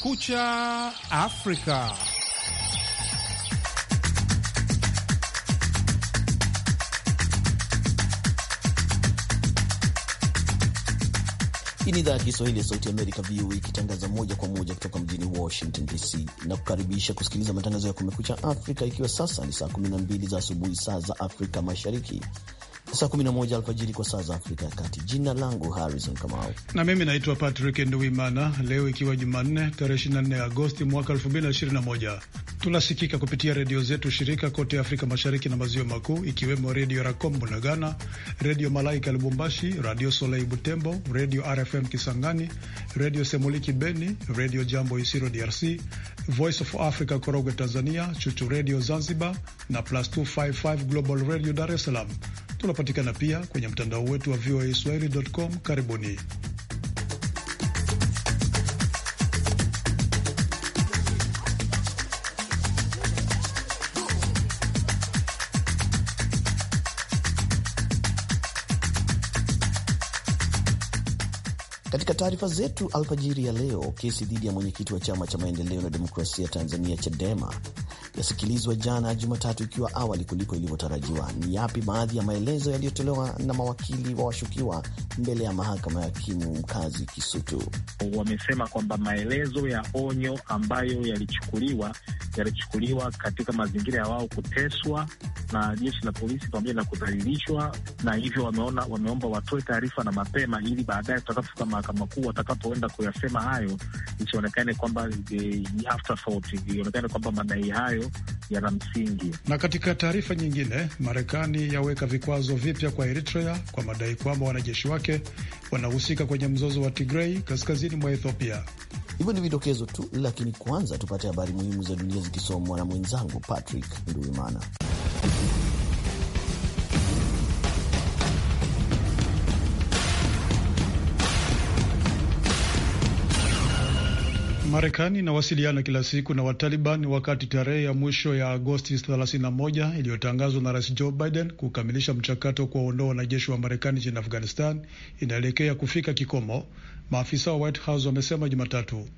Kumekucha Afrika. Hii ni idhaa ya Kiswahili ya Sauti Amerika, VOA, e, ikitangaza moja kwa moja kutoka mjini Washington DC na kukaribisha kusikiliza matangazo ya Kumekucha Afrika, ikiwa sasa ni saa 12 za asubuhi saa za Afrika Mashariki saa 11 alfajiri kwa saa za Afrika ya Kati. Jina langu Harrison Kamau na mimi naitwa Patrick Nduwimana. Leo ikiwa Jumanne tarehe 24 Agosti mwaka 2021, tunasikika kupitia redio zetu shirika kote Afrika Mashariki na Maziwa Makuu, ikiwemo Redio Racombo na Ghana, Redio Malaika Lubumbashi, Radio Solei Butembo, Redio RFM Kisangani, Redio Semuliki Beni, Redio Jambo Isiro DRC, Voice of Africa Korogwe Tanzania, Chuchu Redio Zanzibar na Plus 255 Global Radio Dar es Salaam. Tunapatikana pia kwenye mtandao wetu wa VOA Swahili.com. Karibuni. Katika taarifa zetu alfajiri ya leo, kesi dhidi ya mwenyekiti wa chama cha maendeleo na demokrasia Tanzania, Chadema, yasikilizwa jana Jumatatu, ikiwa awali kuliko ilivyotarajiwa. Ni yapi baadhi ya maelezo yaliyotolewa na mawakili wa washukiwa mbele ya mahakama ya hakimu mkazi Kisutu. Wamesema kwamba maelezo ya onyo ambayo yalichukuliwa yalichukuliwa katika mazingira ya wao kuteswa na jeshi la polisi pamoja na kudhalilishwa, na hivyo wameona, wameomba watoe taarifa na mapema, ili baadaye tutakapofika mahakama kuu watakapoenda kuyasema hayo isionekane kwamba eh, ilionekane kwamba madai hayo yana msingi. Na katika taarifa nyingine, Marekani yaweka vikwazo vipya kwa Eritrea kwa madai kwamba wanajeshi wake wanahusika kwenye mzozo wa Tigrei kaskazini mwa Ethiopia. Hivyo ni vidokezo tu, lakini kwanza tupate habari muhimu za dunia zikisomwa na mwenzangu Patrick nduimana Marekani inawasiliana kila siku na Wataliban wakati tarehe ya mwisho ya Agosti 31 iliyotangazwa na Rais Joe Biden kukamilisha mchakato wa kuwaondoa wanajeshi wa Marekani nchini Afghanistan inaelekea kufika kikomo, maafisa wa White House wamesema Jumatatu.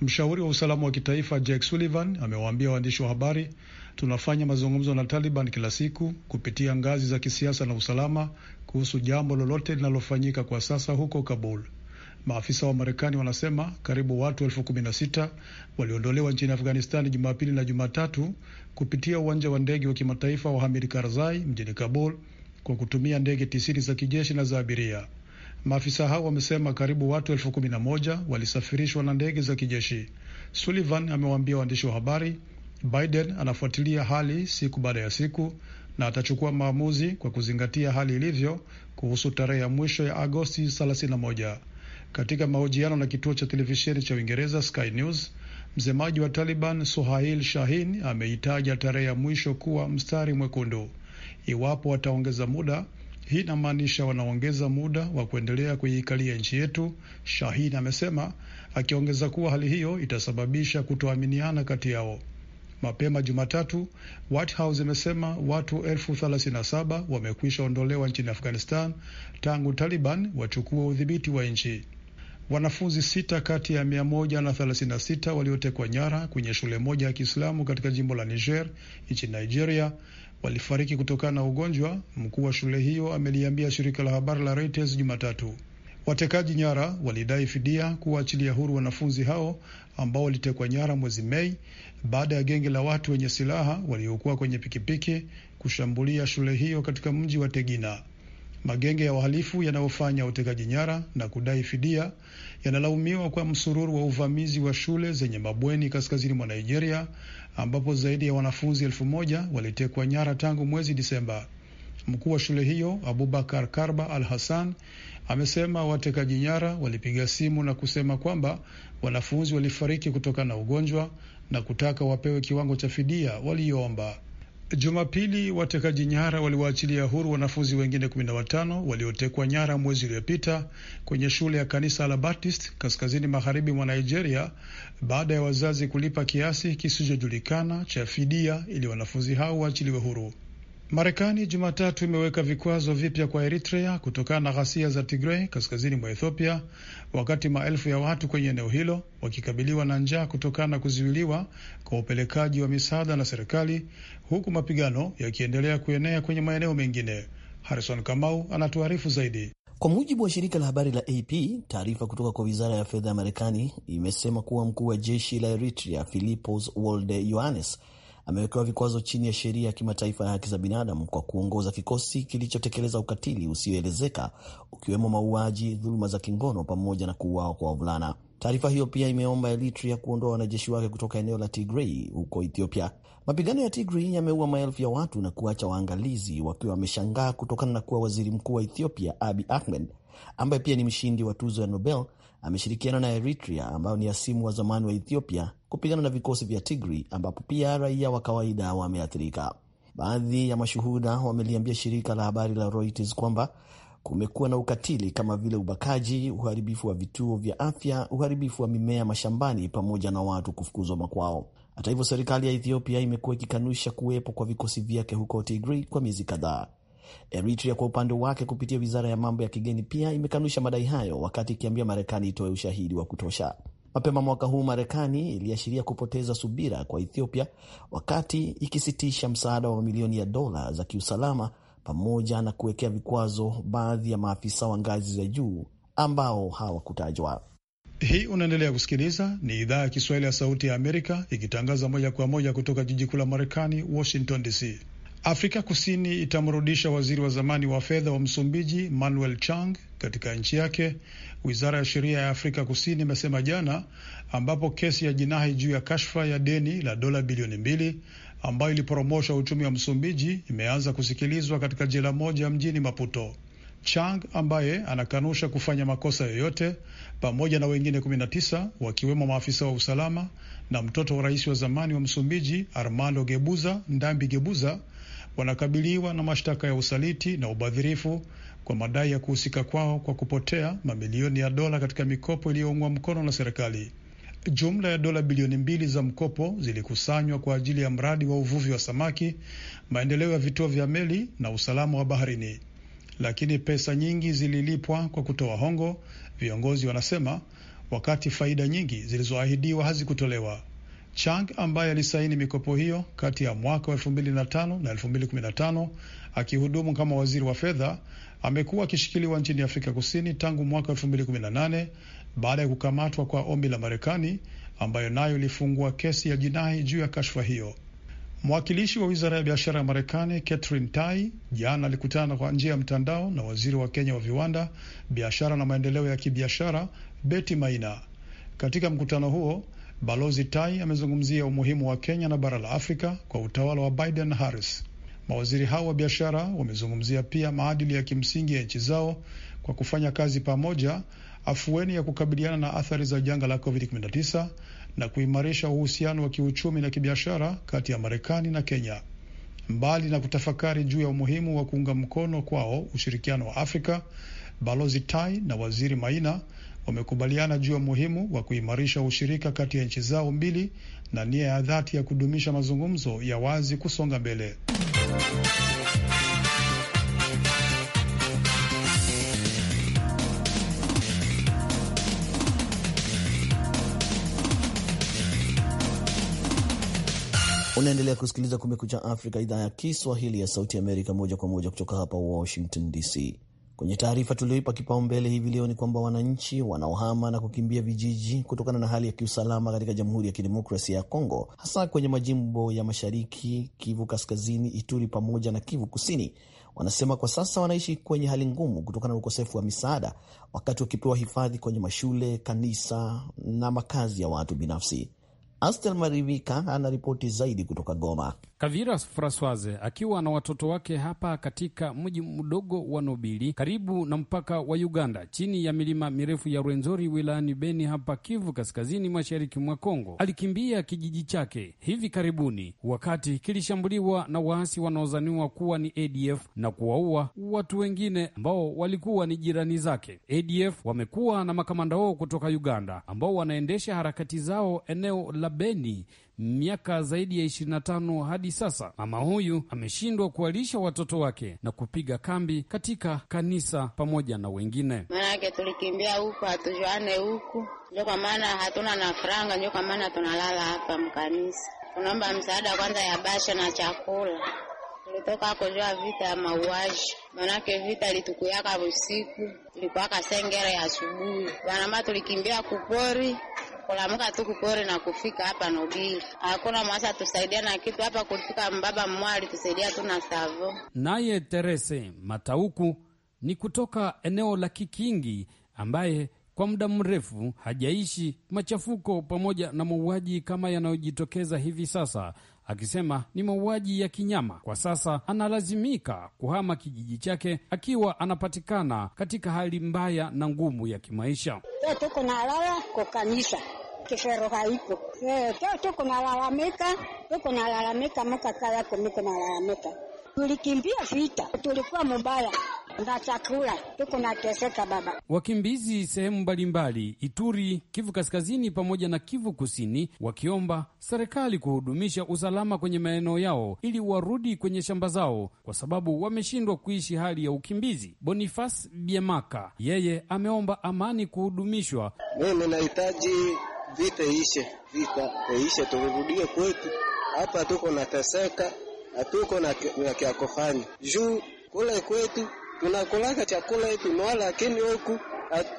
Mshauri wa usalama wa kitaifa Jake Sullivan amewaambia waandishi wa habari, tunafanya mazungumzo na Taliban kila siku kupitia ngazi za kisiasa na usalama kuhusu jambo lolote linalofanyika kwa sasa huko Kabul. Maafisa wa Marekani wanasema karibu watu elfu kumi na sita waliondolewa nchini Afghanistani Jumapili na Jumatatu kupitia uwanja wa ndege wa kimataifa wa Hamid Karzai mjini Kabul kwa kutumia ndege tisini za kijeshi na za abiria. Maafisa hao wamesema karibu watu elfu kumi na moja walisafirishwa na ndege za kijeshi. Sullivan amewaambia waandishi wa habari Biden anafuatilia hali siku baada ya siku na atachukua maamuzi kwa kuzingatia hali ilivyo kuhusu tarehe ya mwisho ya Agosti 31. Katika mahojiano na kituo cha televisheni cha Uingereza Sky News, msemaji wa Taliban Suhail Shahin ameitaja tarehe ya mwisho kuwa mstari mwekundu. Iwapo wataongeza muda, hii inamaanisha wanaongeza muda wa kuendelea kuiikalia nchi yetu, Shahin amesema, akiongeza kuwa hali hiyo itasababisha kutoaminiana kati yao. Mapema Jumatatu, White House imesema watu elfu thelathini na saba wamekwisha ondolewa nchini Afghanistan tangu Taliban wachukua udhibiti wa nchi. Wanafunzi sita kati ya mia moja na thelathini na sita waliotekwa nyara kwenye shule moja ya Kiislamu katika jimbo la Niger nchini Nigeria walifariki kutokana na ugonjwa, mkuu wa shule hiyo ameliambia shirika la habari la Reuters Jumatatu. Watekaji nyara walidai fidia kuwaachilia huru wanafunzi hao ambao walitekwa nyara mwezi Mei baada ya genge la watu wenye silaha waliokuwa kwenye pikipiki kushambulia shule hiyo katika mji wa Tegina. Magenge ya wahalifu yanayofanya utekaji nyara na kudai fidia yanalaumiwa kwa msururu wa uvamizi wa shule zenye mabweni kaskazini mwa Nigeria ambapo zaidi ya wanafunzi elfu moja walitekwa nyara tangu mwezi Disemba. Mkuu wa shule hiyo Abubakar Karba Al Hassan amesema watekaji nyara walipiga simu na kusema kwamba wanafunzi walifariki kutokana na ugonjwa na kutaka wapewe kiwango cha fidia waliyoomba. Jumapili watekaji nyara waliwaachilia huru wanafunzi wengine 15 waliotekwa nyara mwezi uliopita kwenye shule ya kanisa la Baptist kaskazini magharibi mwa Nigeria baada ya wazazi kulipa kiasi kisichojulikana cha fidia ili wanafunzi hao waachiliwe huru. Marekani Jumatatu imeweka vikwazo vipya kwa Eritrea kutokana na ghasia za Tigrei kaskazini mwa Ethiopia, wakati maelfu ya watu kwenye eneo hilo wakikabiliwa na njaa kutokana na kuzuiliwa kwa upelekaji wa misaada na serikali, huku mapigano yakiendelea kuenea kwenye maeneo mengine. Harison Kamau anatuarifu zaidi. Kwa mujibu wa shirika la habari la AP, taarifa kutoka kwa wizara ya fedha ya Marekani imesema kuwa mkuu wa jeshi la Eritrea Philipos Wolde Yohannes amewekewa vikwazo chini ya sheria ya kimataifa ya haki za binadamu kwa kuongoza kikosi kilichotekeleza ukatili usioelezeka ukiwemo mauaji, dhuluma za kingono pamoja na kuuawa kwa wavulana. Taarifa hiyo pia imeomba Eritrea kuondoa wanajeshi wake kutoka eneo la Tigrei huko Ethiopia. Mapigano ya Tigrei yameua maelfu ya watu na kuacha waangalizi wakiwa wameshangaa kutokana na kuwa waziri mkuu wa Ethiopia Abi Ahmed ambaye pia ni mshindi wa tuzo ya Nobel ameshirikiana na Eritrea ambayo ni asimu wa zamani wa Ethiopia kupigana na vikosi vya Tigri ambapo pia raia wa kawaida wameathirika. Baadhi ya mashuhuda wameliambia shirika la habari la Reuters kwamba kumekuwa na ukatili kama vile ubakaji, uharibifu wa vituo vya afya, uharibifu wa mimea mashambani, pamoja na watu kufukuzwa makwao. Hata hivyo, serikali ya Ethiopia imekuwa ikikanusha kuwepo kwa vikosi vyake huko Tigri kwa miezi kadhaa. Eritrea kwa upande wake, kupitia wizara ya mambo ya kigeni, pia imekanusha madai hayo, wakati ikiambia Marekani itoe ushahidi wa kutosha. Mapema mwaka huu Marekani iliashiria kupoteza subira kwa Ethiopia wakati ikisitisha msaada wa mamilioni ya dola za kiusalama pamoja na kuwekea vikwazo baadhi ya maafisa wa ngazi za juu ambao hawakutajwa. Hii unaendelea kusikiliza, ni idhaa ya Kiswahili ya Sauti ya Amerika ikitangaza moja kwa moja kutoka jiji kuu la Marekani, Washington DC. Afrika Kusini itamrudisha waziri wa zamani wa fedha wa Msumbiji Manuel Chang katika nchi yake, wizara ya sheria ya Afrika Kusini imesema jana, ambapo kesi ya jinai juu ya kashfa ya deni la dola bilioni mbili ambayo iliporomosha uchumi wa Msumbiji imeanza kusikilizwa katika jela moja mjini Maputo. Chang ambaye anakanusha kufanya makosa yoyote, pamoja na wengine 19 wakiwemo maafisa wa usalama na mtoto wa rais wa zamani wa Msumbiji Armando Gebuza Ndambi Gebuza wanakabiliwa na mashtaka ya usaliti na ubadhirifu kwa madai ya kuhusika kwao kwa kupotea mamilioni ya dola katika mikopo iliyoungwa mkono na serikali. Jumla ya dola bilioni mbili za mkopo zilikusanywa kwa ajili ya mradi wa uvuvi wa samaki, maendeleo ya vituo vya meli na usalama wa baharini, lakini pesa nyingi zililipwa kwa kutoa hongo, viongozi wanasema, wakati faida nyingi zilizoahidiwa hazikutolewa. Chang ambaye alisaini mikopo hiyo kati ya mwaka wa 2005 na 2015 akihudumu kama waziri wa fedha, amekuwa akishikiliwa nchini Afrika Kusini tangu mwaka 2018 baada ya kukamatwa kwa ombi la Marekani ambayo nayo ilifungua kesi ya jinai juu ya kashfa hiyo. Mwakilishi wa wizara ya biashara ya Marekani Catherine Tai jana alikutana kwa njia ya mtandao na waziri wa Kenya wa viwanda, biashara na maendeleo ya kibiashara Betty Maina. Katika mkutano huo Balozi Tai amezungumzia umuhimu wa Kenya na bara la Afrika kwa utawala wa Biden Harris. Mawaziri hao wa biashara wamezungumzia pia maadili ya kimsingi ya nchi zao kwa kufanya kazi pamoja, afueni ya kukabiliana na athari za janga la COVID-19 na kuimarisha uhusiano wa kiuchumi na kibiashara kati ya Marekani na Kenya. Mbali na kutafakari juu ya umuhimu wa kuunga mkono kwao ushirikiano wa Afrika, Balozi Tai na Waziri Maina wamekubaliana juu ya umuhimu wa kuimarisha ushirika kati ya nchi zao mbili na nia ya dhati ya kudumisha mazungumzo ya wazi kusonga mbele. Unaendelea kusikiliza Kumekucha Afrika, idhaa ya Kiswahili ya Sauti Amerika, moja kwa moja kutoka hapa Washington DC. Kwenye taarifa tulioipa kipaumbele hivi leo ni kwamba wananchi wanaohama na kukimbia vijiji kutokana na hali ya kiusalama katika Jamhuri ya Kidemokrasia ya Kongo, hasa kwenye majimbo ya Mashariki, Kivu Kaskazini, Ituri pamoja na Kivu Kusini, wanasema kwa sasa wanaishi kwenye hali ngumu kutokana na ukosefu wa misaada, wakati wakipewa hifadhi kwenye mashule, kanisa na makazi ya watu binafsi. Astel Marivika ana ripoti zaidi kutoka Goma. Kavira Françoise akiwa na watoto wake hapa katika mji mdogo wa Nobili karibu na mpaka wa Uganda chini ya milima mirefu ya Rwenzori wilayani Beni hapa Kivu kaskazini mashariki mwa Kongo. Alikimbia kijiji chake hivi karibuni wakati kilishambuliwa na waasi wanaozaniwa kuwa ni ADF na kuwaua watu wengine ambao walikuwa ni jirani zake. ADF wamekuwa na makamanda wao kutoka Uganda ambao wanaendesha harakati zao eneo la Beni miaka zaidi ya 25 hadi sasa. Mama huyu ameshindwa kuwalisha watoto wake na kupiga kambi katika kanisa pamoja na wengine. Maanake tulikimbia huku hatujuane huku, ndio kwa maana hatuna na franga, ndio kwa maana tunalala hapa mkanisa. Tunaomba msaada kwanza ya basha na chakula Tulitoka hapo jua vita ya mauaji, manake vita litukuyaka usiku, tulikuwaka sengere ya asubuhi, wanama tulikimbia kupori kulamka tu kupori na kufika hapa Nobili, hakuna mwasa tusaidia na kitu hapa. Kufika mbaba mmoja alitusaidia tu na savo. Naye Terese Matauku ni kutoka eneo la Kikingi ambaye kwa muda mrefu hajaishi machafuko pamoja na mauaji kama yanayojitokeza hivi sasa akisema ni mauaji ya kinyama. Kwa sasa analazimika kuhama kijiji chake akiwa anapatikana katika hali mbaya na ngumu ya kimaisha. Tuko nalala kwa kanisa kifero haiko eh, tuko nalalamika, tuko nalalamika, maka kayako miko nalalamika tulikimbia vita, tulikuwa mubaya na chakula tuko nateseka baba. Wakimbizi sehemu mbalimbali Ituri, Kivu Kaskazini pamoja na Kivu Kusini wakiomba serikali kuhudumisha usalama kwenye maeneo yao ili warudi kwenye shamba zao kwa sababu wameshindwa kuishi hali ya ukimbizi. Boniface Biemaka yeye ameomba amani kuhudumishwa. Mimi nahitaji vita ishe, vita ishe, turudie kwetu, hapa tuko nateseka hatuko na kya kufanya juu kule kwetu tunakulaka chakula yetu noa, lakini huku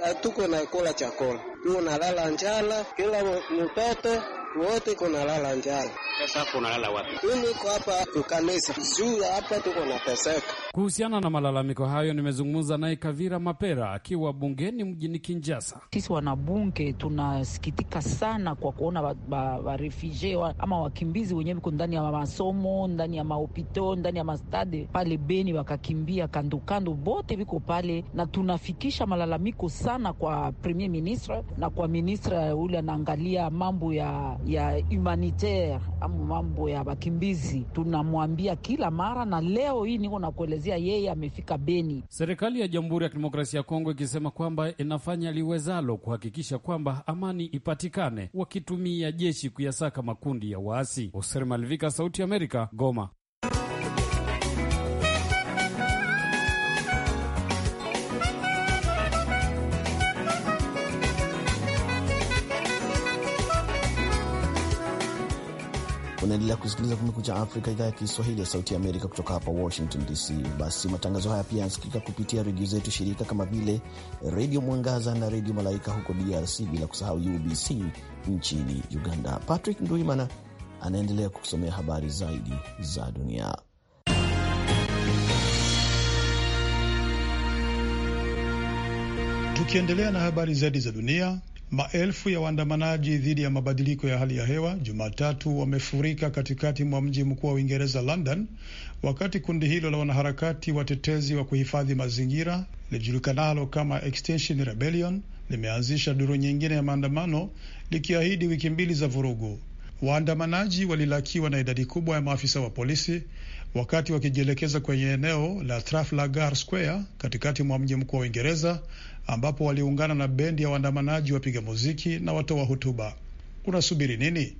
hatuko na kula chakula, nalala njala, kila mtoto wote kunalala njala. Sasa unalala wapi? Mimi niko hapa hapa tuko na Kuhusiana na malalamiko hayo, nimezungumza naye Kavira Mapera akiwa bungeni mjini Kinjasa. Sisi wanabunge tunasikitika sana kwa kuona warefugee wa, wa, ama wakimbizi wenyewe iko ndani ya masomo, ndani ya mahopito, ndani ya mastade pale Beni, wakakimbia kandokando, bote viko pale, na tunafikisha malalamiko sana kwa premier ministre na kwa ministre ule anaangalia mambo ya, ya humanitaire mambo ya wakimbizi, tunamwambia kila mara, na leo hii niko nakuelezea, yeye amefika Beni. Serikali ya Jamhuri ya Kidemokrasia ya Kongo ikisema kwamba inafanya liwezalo kuhakikisha kwamba amani ipatikane, wakitumia jeshi kuyasaka makundi ya waasi. Hoser Malivika, Sauti ya Amerika, Goma. Unaendelea kusikiliza Kumekucha Afrika, idhaa ya Kiswahili ya Sauti ya Amerika kutoka hapa Washington DC. Basi matangazo haya pia yanasikika kupitia redio zetu shirika kama vile Redio Mwangaza na Redio Malaika huko DRC, bila kusahau UBC nchini Uganda. Patrick Nduimana anaendelea kukusomea habari zaidi za dunia. Tukiendelea na habari zaidi za dunia Maelfu ya waandamanaji dhidi ya mabadiliko ya hali ya hewa Jumatatu wamefurika katikati mwa mji mkuu wa Uingereza, London, wakati kundi hilo la wanaharakati watetezi wa kuhifadhi mazingira lijulikanalo kama Extinction Rebellion limeanzisha duru nyingine ya maandamano likiahidi wiki mbili za vurugu. Waandamanaji walilakiwa na idadi kubwa ya maafisa wa polisi wakati wakijielekeza kwenye eneo la Trafalgar Square katikati mwa mji mkuu wa Uingereza, ambapo waliungana na bendi ya waandamanaji, wapiga muziki na watoa hutuba Unasubiri nini?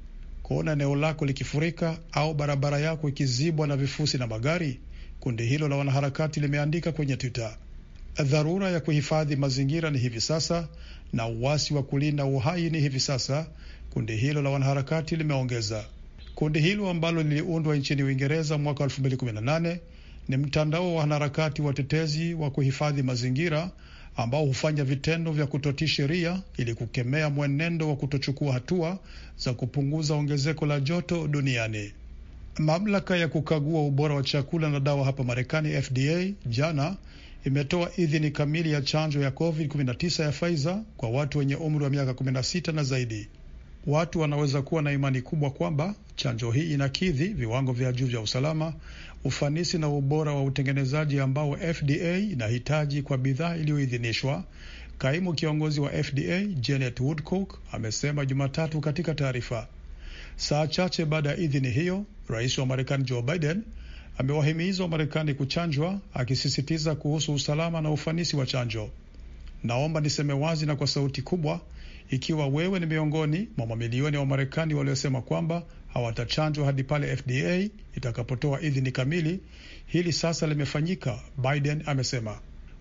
Kuona eneo lako likifurika au barabara yako ikizibwa na vifusi na magari? Kundi hilo la wanaharakati limeandika kwenye Twitter. Dharura ya kuhifadhi mazingira ni hivi sasa na uasi wa kulinda uhai ni hivi sasa, kundi hilo la wanaharakati limeongeza. Kundi hilo ambalo liliundwa nchini Uingereza mwaka 2018 ni mtandao wa wanaharakati watetezi wa kuhifadhi mazingira ambao hufanya vitendo vya kutotii sheria ili kukemea mwenendo wa kutochukua hatua za kupunguza ongezeko la joto duniani. Mamlaka ya kukagua ubora wa chakula na dawa hapa Marekani, FDA, jana imetoa idhini kamili ya chanjo ya COVID-19 ya Pfizer kwa watu wenye umri wa miaka 16 na zaidi watu wanaweza kuwa na imani kubwa kwamba chanjo hii inakidhi viwango vya juu vya usalama, ufanisi na ubora wa utengenezaji ambao FDA inahitaji kwa bidhaa iliyoidhinishwa. Kaimu kiongozi wa FDA Janet Woodcock amesema Jumatatu katika taarifa. Saa chache baada ya idhini hiyo, rais wa Marekani Joe Biden amewahimiza marekani kuchanjwa, akisisitiza kuhusu usalama na ufanisi wa chanjo. Naomba niseme wazi na kwa sauti kubwa ikiwa wewe ni miongoni mwa mamilioni ya Wamarekani waliosema kwamba hawatachanjwa hadi pale FDA itakapotoa idhini kamili. Hili sasa limefanyika, Biden amesema.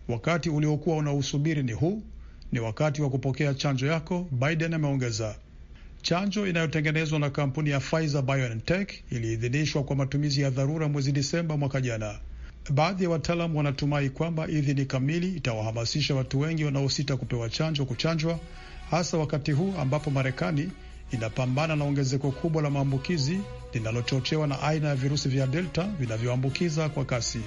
Wakati uliokuwa unausubiri ni huu, ni wakati wa kupokea chanjo yako, Biden ameongeza. Chanjo inayotengenezwa na kampuni ya Pfizer BioNTech iliidhinishwa kwa matumizi ya dharura mwezi Disemba mwaka jana. Baadhi ya wataalam wanatumai kwamba idhini kamili itawahamasisha watu wengi wanaosita kupewa chanjo kuchanjwa hasa wakati huu ambapo Marekani inapambana na ongezeko kubwa la maambukizi linalochochewa na aina ya virusi vya Delta vinavyoambukiza kwa kasi.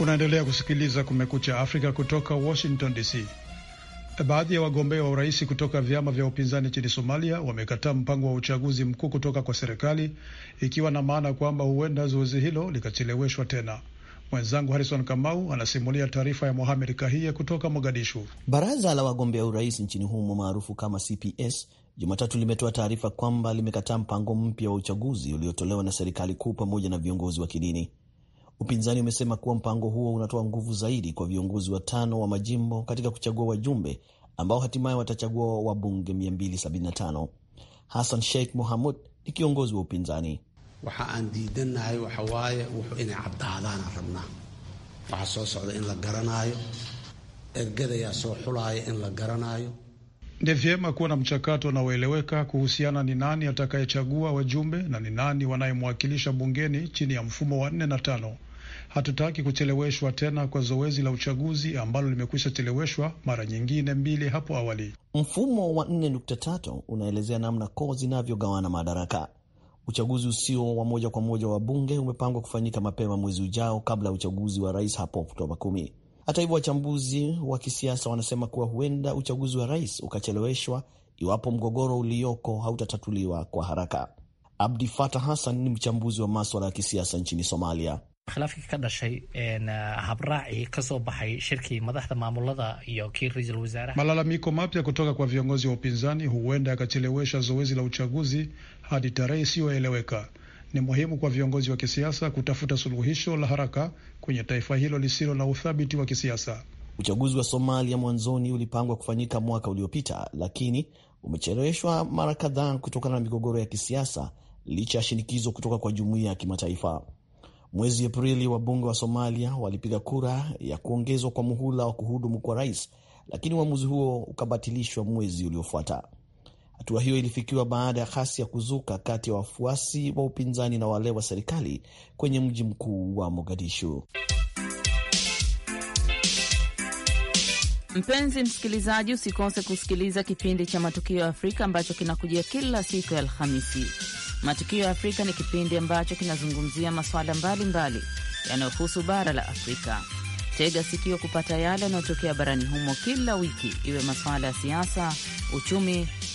Unaendelea kusikiliza Kumekucha Afrika kutoka Washington DC. Eh, baadhi ya wagombea wa urais kutoka vyama vya upinzani nchini Somalia wamekataa mpango wa uchaguzi mkuu kutoka kwa serikali, ikiwa na maana kwamba huenda zoezi hilo likacheleweshwa tena. Mwenzangu Harison Kamau anasimulia taarifa ya Mohamed Kahie kutoka Mogadishu. Baraza la wagombea urais nchini humo maarufu kama CPS Jumatatu limetoa taarifa kwamba limekataa mpango mpya wa uchaguzi uliotolewa na serikali kuu pamoja na viongozi wa kidini. Upinzani umesema kuwa mpango huo unatoa nguvu zaidi kwa viongozi watano wa majimbo katika kuchagua wajumbe ambao hatimaye watachagua wabunge 275. Hassan Sheikh Mohamud ni kiongozi wa upinzani. waxa aan diidanahay waxa waaye wuxuu inay caddaadaana rabnaa waxa soo socda in la garanaayo ergadayaa soo xulaaya in la garanaayo ni vyema kuwa na mchakato unaoeleweka kuhusiana ni nani atakayechagua wajumbe na ni nani wanayemwakilisha bungeni chini ya mfumo wa nne na tano. Hatutaki kucheleweshwa tena kwa zoezi la uchaguzi ambalo limekwisha cheleweshwa mara nyingine mbili hapo awali. Mfumo wa 4.3 unaelezea namna koo zinavyogawana madaraka. Uchaguzi usio wa moja kwa moja wa bunge umepangwa kufanyika mapema mwezi ujao kabla ya uchaguzi wa rais hapo Oktoba kumi. Hata hivyo, wachambuzi wa kisiasa wanasema kuwa huenda uchaguzi wa rais ukacheleweshwa iwapo mgogoro ulioko hautatatuliwa kwa haraka. Abdi Fatah Hassan ni mchambuzi wa maswala ya kisiasa nchini Somalia. khilaafkii ka dhashay eh, habraaci kasoo baxay shirkii madaxda maamulada iyo kii raisul wasaaraha. Malalamiko mapya kutoka kwa viongozi wa upinzani huenda yakachelewesha zoezi la uchaguzi hadi tarehe isiyoeleweka ni muhimu kwa viongozi wa kisiasa kutafuta suluhisho la haraka kwenye taifa hilo lisilo na uthabiti wa kisiasa. Uchaguzi wa Somalia mwanzoni ulipangwa kufanyika mwaka uliopita, lakini umecheleweshwa mara kadhaa kutokana na migogoro ya kisiasa, licha ya shinikizo kutoka kwa jumuiya ya kimataifa. Mwezi Aprili, wabunge wa Somalia walipiga kura ya kuongezwa kwa muhula wa kuhudumu kwa rais, lakini uamuzi huo ukabatilishwa mwezi uliofuata. Hatua hiyo ilifikiwa baada ya hasi ya kuzuka kati ya wafuasi wa upinzani na wale wa serikali kwenye mji mkuu wa Mogadishu. Mpenzi msikilizaji, usikose kusikiliza kipindi cha Matukio ya Afrika ambacho kinakujia kila siku ya Alhamisi. Matukio ya Afrika ni kipindi ambacho kinazungumzia masuala mbalimbali yanayohusu bara la Afrika. Tega sikio kupata yale yanayotokea barani humo kila wiki, iwe masuala ya siasa, uchumi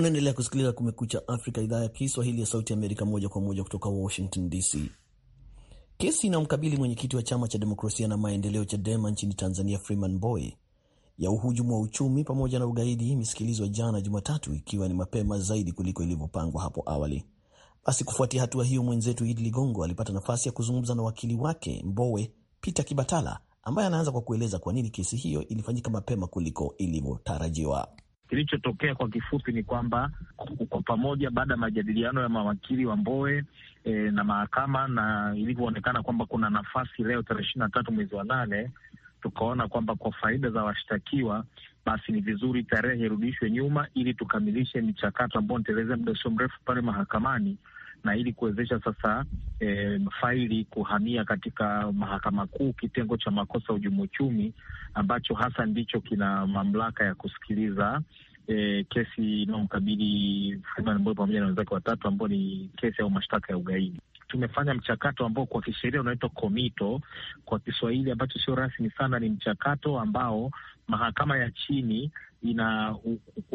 Unaendelea kusikiliza Kumekucha Afrika, idhaa ya Kiswahili ya Sauti Amerika, moja kwa moja kutoka Washington DC. Kesi inayomkabili mwenyekiti wa chama cha demokrasia na maendeleo CHADEMA nchini Tanzania, Freeman Boy, ya uhujumu wa uchumi pamoja na ugaidi imesikilizwa jana Jumatatu, ikiwa ni mapema zaidi kuliko ilivyopangwa hapo awali. Basi kufuatia hatua hiyo, mwenzetu Idi Ligongo alipata nafasi ya kuzungumza na wakili wake Mbowe, Peter Kibatala, ambaye anaanza kwa kueleza kwa nini kesi hiyo ilifanyika mapema kuliko ilivyotarajiwa. Kilichotokea kwa kifupi ni kwamba kwa pamoja, baada ya majadiliano ya mawakili wa Mbowe e, na mahakama na ilivyoonekana kwamba kuna nafasi leo tarehe ishirini na tatu mwezi wa nane, tukaona kwamba kwa faida za washtakiwa basi ni vizuri tarehe irudishwe nyuma ili tukamilishe michakato ambayo nitaelezea muda sio mrefu pale mahakamani na ili kuwezesha sasa e, faili kuhamia katika mahakama kuu, kitengo cha makosa hujumu uchumi, ambacho hasa ndicho kina mamlaka ya kusikiliza e, kesi inayomkabili Freeman Mbowe pamoja na wenzake watatu ambao ni kesi au mashtaka ya ugaidi. Tumefanya mchakato ambao kwa kisheria unaitwa komito kwa Kiswahili, ambacho sio rasmi sana. Ni mchakato ambao mahakama ya chini ina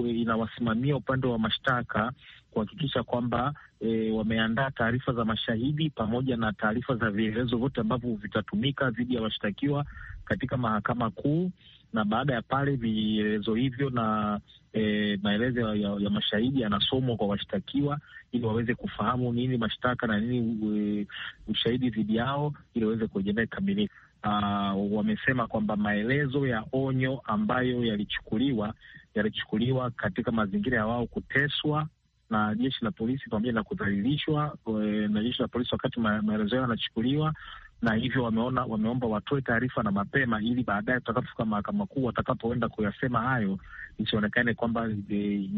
inawasimamia upande wa mashtaka kuhakikisha kwamba e, wameandaa taarifa za mashahidi pamoja na taarifa za vielezo vyote ambavyo vitatumika dhidi ya washtakiwa katika mahakama kuu, na baada ya pale vielezo hivyo na e, maelezo ya, ya mashahidi yanasomwa kwa washtakiwa ili waweze kufahamu nini mashtaka na nini e, ushahidi dhidi yao ili waweze kuegemea kikamilifu. Uh, wamesema kwamba maelezo ya onyo ambayo yalichukuliwa yalichukuliwa katika mazingira ya wao kuteswa na jeshi la polisi pamoja na kudhalilishwa eh, na jeshi la polisi wakati maelezo yao yanachukuliwa, na hivyo wameona, wameomba watoe taarifa na mapema, ili baadaye tutakapofika mahakama kuu watakapoenda kuyasema hayo isionekane kwamba eh,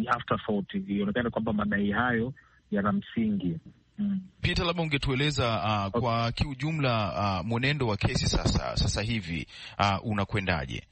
ni ionekane kwamba madai hayo yana msingi. Hmm. Peter, labda ungetueleza uh, okay, kwa kiujumla uh, mwenendo wa kesi sasa sasa hivi uh, unakwendaje?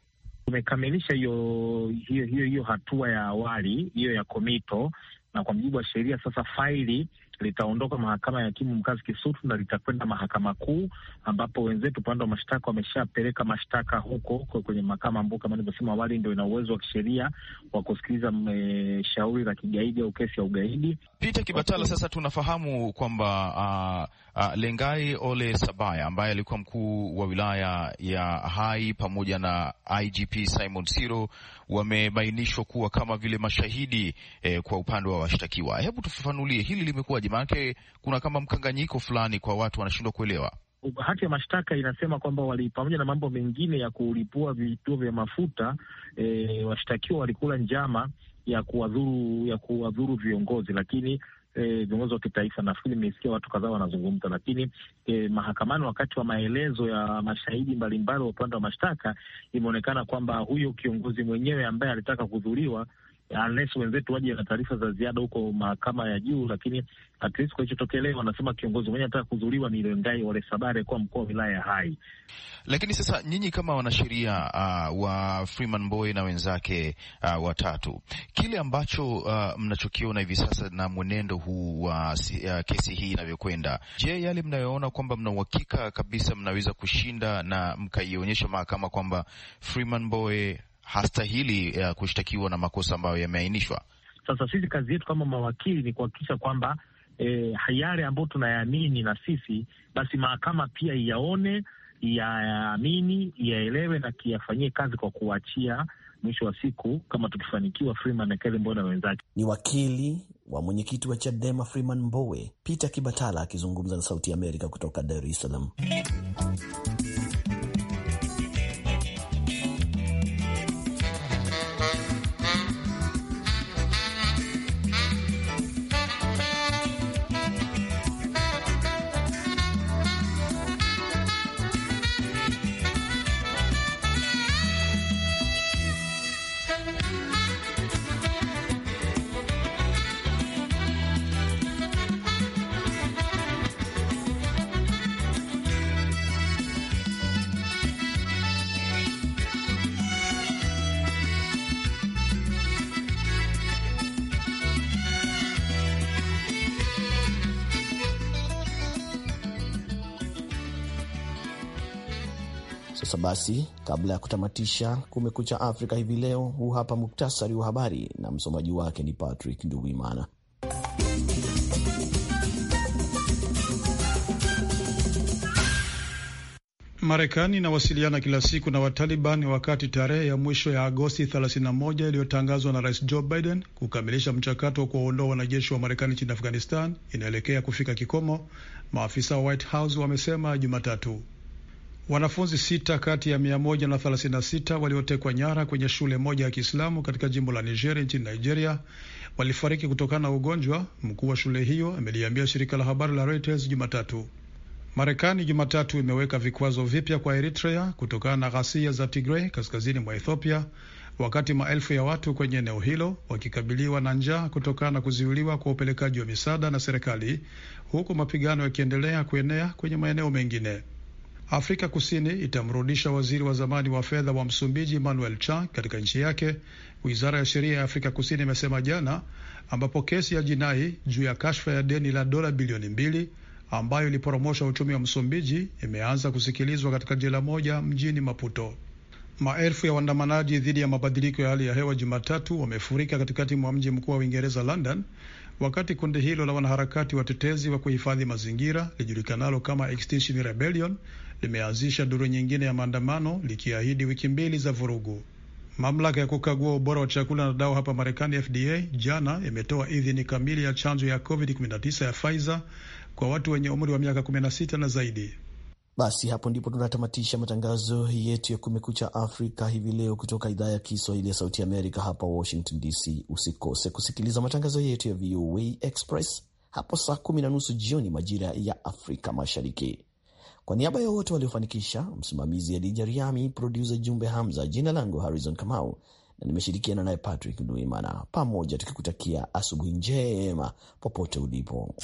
Tumekamilisha hiyo hiyo hiyo hatua ya awali hiyo ya komito na kwa mujibu wa sheria sasa faili litaondoka mahakama ya hakimu mkazi Kisutu na litakwenda mahakama kuu, ambapo wenzetu upande wa mashtaka wameshapeleka mashtaka huko kwenye mahakama ambao kama nilivyosema awali ndio ina uwezo wa kisheria wa kusikiliza mm, eh, shauri la kigaidi au kesi ya ugaidi. Peter Kibatala, sasa tunafahamu kwamba uh, uh, Lengai Ole Sabaya ambaye alikuwa mkuu wa wilaya ya Hai pamoja na IGP Simon Siro wamebainishwa kuwa kama vile mashahidi eh, kwa upande wa washtakiwa. Hebu tufafanulie hili limekuwa utekelezaji? Maanake kuna kama mkanganyiko fulani kwa watu wanashindwa kuelewa. Hati ya mashtaka inasema kwamba pamoja na mambo mengine ya kulipua vituo vya mafuta e, washtakiwa walikula njama ya kuwadhuru ya kuwadhuru viongozi lakini E, viongozi wa kitaifa nafikiri nimesikia watu kadhaa wanazungumza, lakini e, mahakamani wakati wa maelezo ya mashahidi mbalimbali wa upande wa mashtaka imeonekana kwamba huyo kiongozi mwenyewe ambaye alitaka kudhuriwa unless wenzetu waje na taarifa za ziada huko mahakama ya juu, lakini at least kilichotokea leo wanasema kiongozi mwenyewe anataka kuzuliwa ni Lengai wale Sabare kwa mkoa wa wilaya Hai. Lakini sasa nyinyi kama wanasheria uh, wa Freeman Boy na wenzake uh, watatu, kile ambacho uh, mnachokiona hivi sasa na mwenendo huu wa uh, kesi hii inavyokwenda, je, yale mnayoona kwamba mna uhakika kabisa mnaweza kushinda na mkaionyesha mahakama kwamba Freeman Boy hastahili uh, kushtakiwa na makosa ambayo yameainishwa. Sasa sisi kazi yetu kama mawakili ni kuhakikisha kwamba e, eh, yale ambayo tunayaamini na sisi basi mahakama pia iyaone, iyaamini, iyaelewe na kiyafanyie kazi kwa kuachia mwisho wa siku, kama tukifanikiwa, Freeman Mbowe na wenzake. Ni wakili wa mwenyekiti wa Chadema Freeman Mbowe. Peter Kibatala akizungumza na Sauti ya Amerika kutoka Dar es Salaam. Sasa basi, kabla ya kutamatisha Kumekucha Afrika hivi leo, huu hapa muktasari wa habari na msomaji wake ni Patrick Nduwimana. Marekani inawasiliana kila siku na Wataliban wakati tarehe ya mwisho ya Agosti 31 iliyotangazwa na Rais Joe Biden kukamilisha mchakato wa kuwaondoa wanajeshi wa Marekani nchini Afghanistan inaelekea kufika kikomo, maafisa wa White House wamesema Jumatatu. Wanafunzi sita kati ya 136 waliotekwa nyara kwenye shule moja ya Kiislamu katika jimbo la Niger nchini Nigeria walifariki kutokana na ugonjwa, mkuu wa shule hiyo ameliambia shirika la habari la Reuters Jumatatu. Marekani Jumatatu imeweka vikwazo vipya kwa Eritrea kutokana na ghasia za Tigray kaskazini mwa Ethiopia, wakati maelfu ya watu kwenye eneo hilo wakikabiliwa na njaa kutokana na kuzuiliwa kwa upelekaji wa misaada na serikali, huku mapigano yakiendelea kuenea kwenye maeneo mengine. Afrika Kusini itamrudisha waziri wa zamani wa fedha wa Msumbiji Manuel Chang katika nchi yake, wizara ya sheria ya Afrika Kusini imesema jana, ambapo kesi ya jinai juu ya kashfa ya deni la dola bilioni mbili ambayo iliporomosha uchumi wa Msumbiji imeanza kusikilizwa katika jela moja mjini Maputo. Maelfu ya waandamanaji dhidi ya mabadiliko ya hali ya hewa Jumatatu wamefurika katikati mwa mji mkuu wa Uingereza, London, wakati kundi hilo la wanaharakati watetezi wa kuhifadhi mazingira lijulikanalo kama Extinction Rebellion limeanzisha duru nyingine ya maandamano likiahidi wiki mbili za vurugu. Mamlaka ya kukagua ubora wa chakula na dawa hapa Marekani, FDA, jana imetoa idhini kamili ya chanjo ya COVID-19 ya Pfizer kwa watu wenye umri wa miaka 16 na zaidi. Basi hapo ndipo tunatamatisha matangazo yetu ya Kumekucha Afrika hivi leo kutoka idhaa ya Kiswahili ya Sauti Amerika hapa Washington DC. Usikose kusikiliza matangazo yetu ya VOA Express hapo saa kumi na nusu jioni majira ya Afrika Mashariki. Kwa niaba ya wote waliofanikisha, msimamizi Adija Riami, produsa Jumbe Hamza, jina langu Harrison Kamau na nimeshirikiana naye Patrick Nduimana, pamoja tukikutakia asubuhi njema popote ulipo.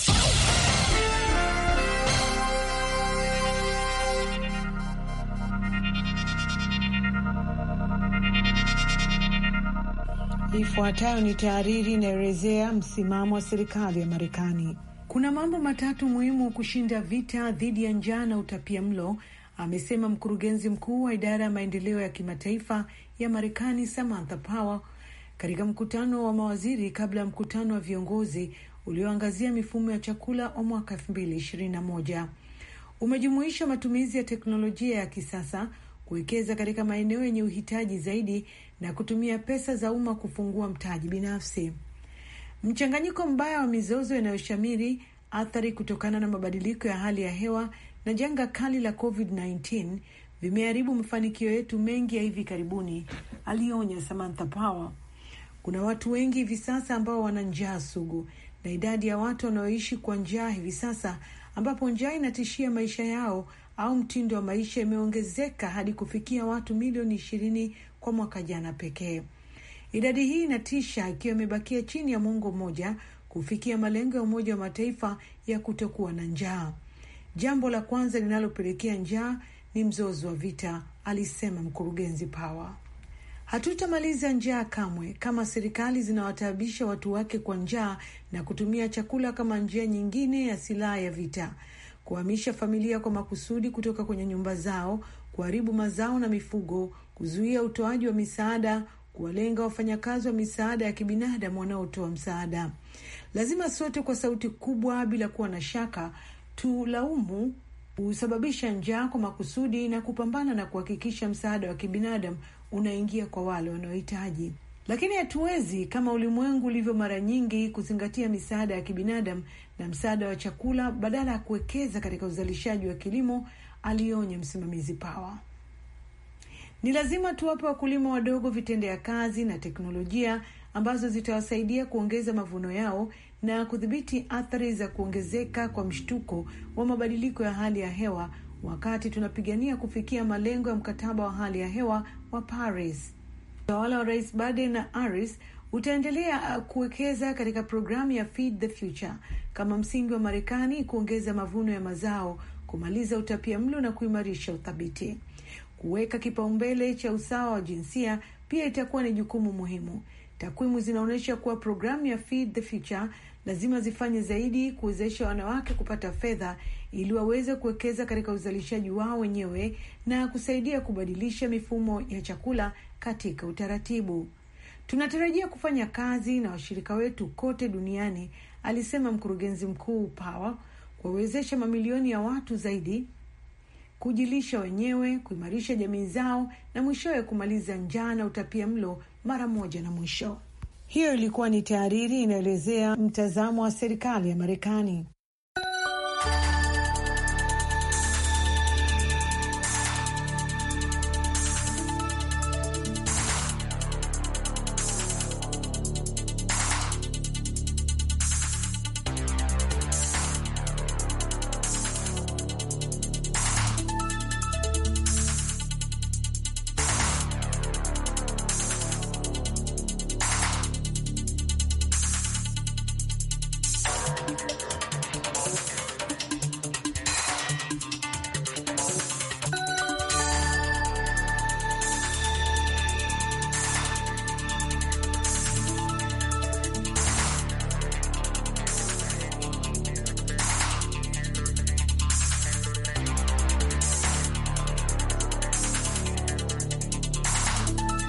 Ifuatayo ni tahariri inayoelezea msimamo wa serikali ya Marekani. Kuna mambo matatu muhimu kushinda vita dhidi ya njaa na utapia mlo, amesema mkurugenzi mkuu wa idara ya maendeleo ya kimataifa ya Marekani Samantha Power katika mkutano wa mawaziri kabla ya mkutano wa viongozi ulioangazia mifumo ya chakula wa mwaka moja Umejumuisha matumizi ya teknolojia ya kisasa, kuwekeza katika maeneo yenye uhitaji zaidi na kutumia pesa za umma kufungua mtaji binafsi mchanganyiko mbaya wa mizozo inayoshamiri, athari kutokana na mabadiliko ya hali ya hewa na janga kali la COVID-19 vimeharibu mafanikio yetu mengi ya hivi karibuni, alionya Samantha Power. Kuna watu wengi hivi sasa ambao wana njaa sugu na idadi ya watu wanaoishi kwa njaa hivi sasa, ambapo njaa inatishia maisha yao au mtindo wa maisha, imeongezeka hadi kufikia watu milioni ishirini kwa mwaka jana pekee. Idadi hii inatisha, ikiwa imebakia chini ya mwongo mmoja kufikia malengo ya Umoja wa Mataifa ya kutokuwa na njaa. Jambo la kwanza linalopelekea njaa ni mzozo wa vita, alisema mkurugenzi Power. Hatutamaliza njaa kamwe kama serikali zinawataabisha watu wake kwa njaa na kutumia chakula kama njia nyingine ya silaha ya vita, kuhamisha familia kwa makusudi kutoka kwenye nyumba zao, kuharibu mazao na mifugo, kuzuia utoaji wa misaada, kuwalenga wafanyakazi wa misaada ya kibinadamu wanaotoa msaada. Lazima sote kwa sauti kubwa, bila kuwa na shaka, tulaumu husababisha njaa kwa makusudi na kupambana na kuhakikisha msaada wa kibinadamu unaingia kwa wale wanaohitaji. Lakini hatuwezi kama ulimwengu ulivyo mara nyingi kuzingatia misaada ya kibinadamu na msaada wa chakula badala ya kuwekeza katika uzalishaji wa kilimo, alionya msimamizi Pawa. Ni lazima tuwape wakulima wadogo vitendea kazi na teknolojia ambazo zitawasaidia kuongeza mavuno yao na kudhibiti athari za kuongezeka kwa mshtuko wa mabadiliko ya hali ya hewa wakati tunapigania kufikia malengo ya mkataba wa hali ya hewa wa Paris. Utawala wa Rais Biden na Harris utaendelea uh, kuwekeza katika programu ya Feed the Future kama msingi wa Marekani kuongeza mavuno ya mazao, kumaliza utapia mlo na kuimarisha uthabiti. Kuweka kipaumbele cha usawa wa jinsia pia itakuwa ni jukumu muhimu. Takwimu zinaonyesha kuwa programu ya Feed the Future lazima zifanye zaidi kuwezesha wanawake kupata fedha ili waweze kuwekeza katika uzalishaji wao wenyewe na kusaidia kubadilisha mifumo ya chakula katika utaratibu. Tunatarajia kufanya kazi na washirika wetu kote duniani, alisema mkurugenzi mkuu Power, kuwawezesha mamilioni ya watu zaidi kujilisha wenyewe, kuimarisha jamii zao na mwishowe kumaliza njaa na utapia mlo mara moja na mwisho. Hiyo ilikuwa ni tahariri inayoelezea mtazamo wa serikali ya Marekani.